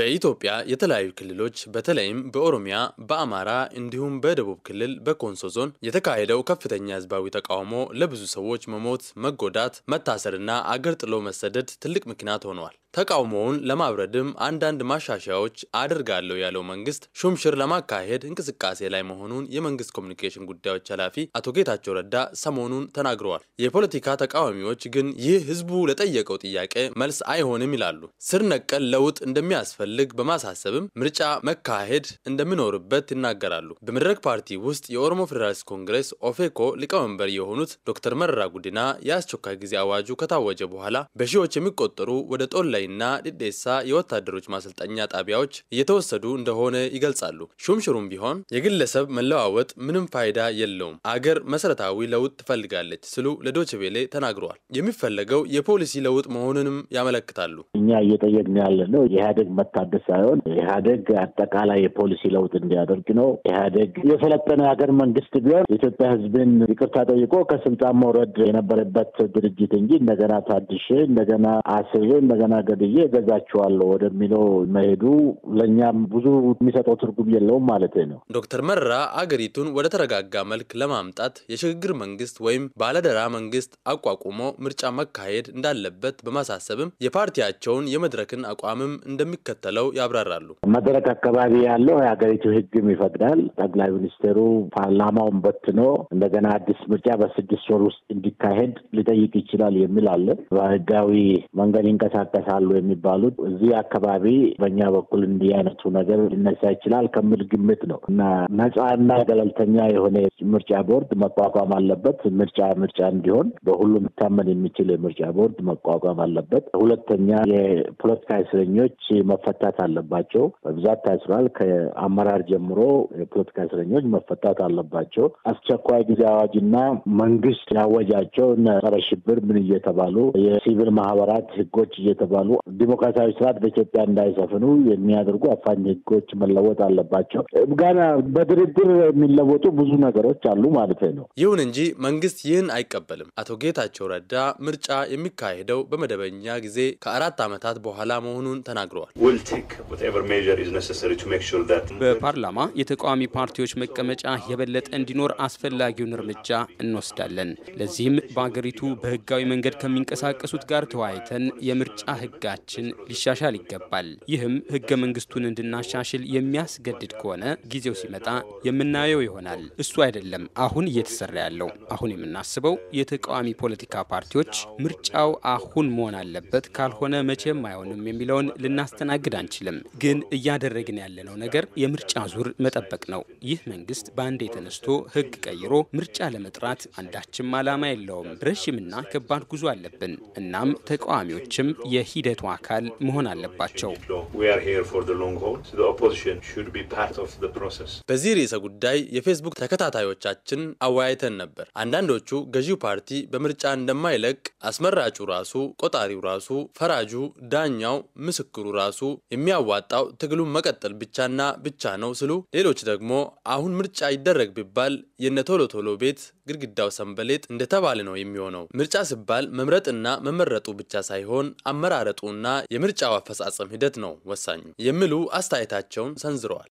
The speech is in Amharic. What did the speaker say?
በኢትዮጵያ የተለያዩ ክልሎች በተለይም በኦሮሚያ፣ በአማራ እንዲሁም በደቡብ ክልል በኮንሶ ዞን የተካሄደው ከፍተኛ ህዝባዊ ተቃውሞ ለብዙ ሰዎች መሞት፣ መጎዳት፣ መታሰርና አገር ጥሎ መሰደድ ትልቅ ምክንያት ሆነዋል። ተቃውሞውን ለማብረድም አንዳንድ ማሻሻያዎች አድርጋለሁ ያለው መንግስት ሹምሽር ለማካሄድ እንቅስቃሴ ላይ መሆኑን የመንግስት ኮሚኒኬሽን ጉዳዮች ኃላፊ አቶ ጌታቸው ረዳ ሰሞኑን ተናግረዋል። የፖለቲካ ተቃዋሚዎች ግን ይህ ህዝቡ ለጠየቀው ጥያቄ መልስ አይሆንም ይላሉ። ስር ነቀል ለውጥ እንደሚያስፈልግ በማሳሰብም ምርጫ መካሄድ እንደሚኖርበት ይናገራሉ። በመድረክ ፓርቲ ውስጥ የኦሮሞ ፌዴራሊስት ኮንግሬስ ኦፌኮ ሊቀመንበር የሆኑት ዶክተር መረራ ጉዲና የአስቸኳይ ጊዜ አዋጁ ከታወጀ በኋላ በሺዎች የሚቆጠሩ ወደ ጦር ላይና ዲዴሳ የወታደሮች ማሰልጠኛ ጣቢያዎች እየተወሰዱ እንደሆነ ይገልጻሉ። ሹምሽሩም ቢሆን የግለሰብ መለዋወጥ ምንም ፋይዳ የለውም፣ አገር መሰረታዊ ለውጥ ትፈልጋለች ስሉ ለዶችቤሌ ተናግረዋል። የሚፈለገው የፖሊሲ ለውጥ መሆኑንም ያመለክታሉ። እኛ እየጠየቅን ያለ ነው የኢህአዴግ መታደስ ሳይሆን ኢህአደግ አጠቃላይ የፖሊሲ ለውጥ እንዲያደርግ ነው። ኢህአደግ የሰለጠነ የሀገር መንግስት ቢሆን የኢትዮጵያ ህዝብን ይቅርታ ጠይቆ ከስልጣን መውረድ የነበረበት ድርጅት እንጂ እንደገና ታድሼ እንደገና አስሬ እንደገና ገድዬ እገዛቸዋለሁ ወደሚለው መሄዱ ለእኛም ብዙ የሚሰጠው ትርጉም የለውም ማለት ነው። ዶክተር መረራ አገሪቱን ወደ ተረጋጋ መልክ ለማምጣት የሽግግር መንግስት ወይም ባለደራ መንግስት አቋቁሞ ምርጫ መካሄድ እንዳለበት በማሳሰብም የፓርቲያቸውን የመድረክን አቋምም እንደሚከተለው ያብራራሉ። መድረክ አካባቢ ያለው የሀገሪቱ ህግም ይፈቅዳል። ጠቅላይ ሚኒስትሩ ፓርላማውን በትኖ እንደገና አዲስ ምርጫ በስድስት ወር ውስጥ እንዲካሄድ ሊጠይቅ ይችላል የሚል አለ። በህጋዊ መንገድ ይንቀሳቀሳል አሉ የሚባሉት እዚህ አካባቢ በእኛ በኩል እንዲህ አይነቱ ነገር ሊነሳ ይችላል ከሚል ግምት ነው እና ነጻና ገለልተኛ የሆነ ምርጫ ቦርድ መቋቋም አለበት። ምርጫ ምርጫ እንዲሆን በሁሉም ሊታመን የሚችል የምርጫ ቦርድ መቋቋም አለበት። ሁለተኛ የፖለቲካ እስረኞች መፈታት አለባቸው። በብዛት ታስሯል። ከአመራር ጀምሮ የፖለቲካ እስረኞች መፈታት አለባቸው። አስቸኳይ ጊዜ አዋጅና መንግስት ያወጃቸው ጸረ ሽብር ምን እየተባሉ የሲቪል ማህበራት ህጎች እየተባሉ የሚደረጉ ዲሞክራሲያዊ ስርዓት በኢትዮጵያ እንዳይሰፍኑ የሚያደርጉ አፋኝ ህጎች መለወጥ አለባቸው። ጋና በድርድር የሚለወጡ ብዙ ነገሮች አሉ ማለት ነው። ይሁን እንጂ መንግስት ይህን አይቀበልም። አቶ ጌታቸው ረዳ ምርጫ የሚካሄደው በመደበኛ ጊዜ ከአራት ዓመታት በኋላ መሆኑን ተናግረዋል። በፓርላማ የተቃዋሚ ፓርቲዎች መቀመጫ የበለጠ እንዲኖር አስፈላጊውን እርምጃ እንወስዳለን። ለዚህም በአገሪቱ በህጋዊ መንገድ ከሚንቀሳቀሱት ጋር ተወያይተን የምርጫ ህግ ህጋችን ሊሻሻል ይገባል። ይህም ህገ መንግስቱን እንድናሻሽል የሚያስገድድ ከሆነ ጊዜው ሲመጣ የምናየው ይሆናል። እሱ አይደለም አሁን እየተሰራ ያለው። አሁን የምናስበው የተቃዋሚ ፖለቲካ ፓርቲዎች ምርጫው አሁን መሆን አለበት፣ ካልሆነ መቼም አይሆንም የሚለውን ልናስተናግድ አንችልም። ግን እያደረግን ያለነው ነገር የምርጫ ዙር መጠበቅ ነው። ይህ መንግስት በአንዴ ተነስቶ ህግ ቀይሮ ምርጫ ለመጥራት አንዳችም ዓላማ የለውም። ረዥምና ከባድ ጉዞ አለብን። እናም ተቃዋሚዎችም የሂደ የሂደቱ አካል መሆን አለባቸው። በዚህ ርዕሰ ጉዳይ የፌስቡክ ተከታታዮቻችን አወያይተን ነበር። አንዳንዶቹ ገዢው ፓርቲ በምርጫ እንደማይለቅ አስመራጩ ራሱ፣ ቆጣሪው ራሱ፣ ፈራጁ፣ ዳኛው፣ ምስክሩ ራሱ የሚያዋጣው ትግሉን መቀጠል ብቻና ብቻ ነው ስሉ፣ ሌሎች ደግሞ አሁን ምርጫ ይደረግ ቢባል የነ ቶሎ ቶሎ ቤት ግድግዳው ሰንበሌጥ እንደተባለ ነው የሚሆነው። ምርጫ ሲባል መምረጥና መመረጡ ብቻ ሳይሆን አመራረጡ አመጣጡና የምርጫው አፈጻጸም ሂደት ነው ወሳኙ የሚሉ አስተያየታቸውን ሰንዝረዋል።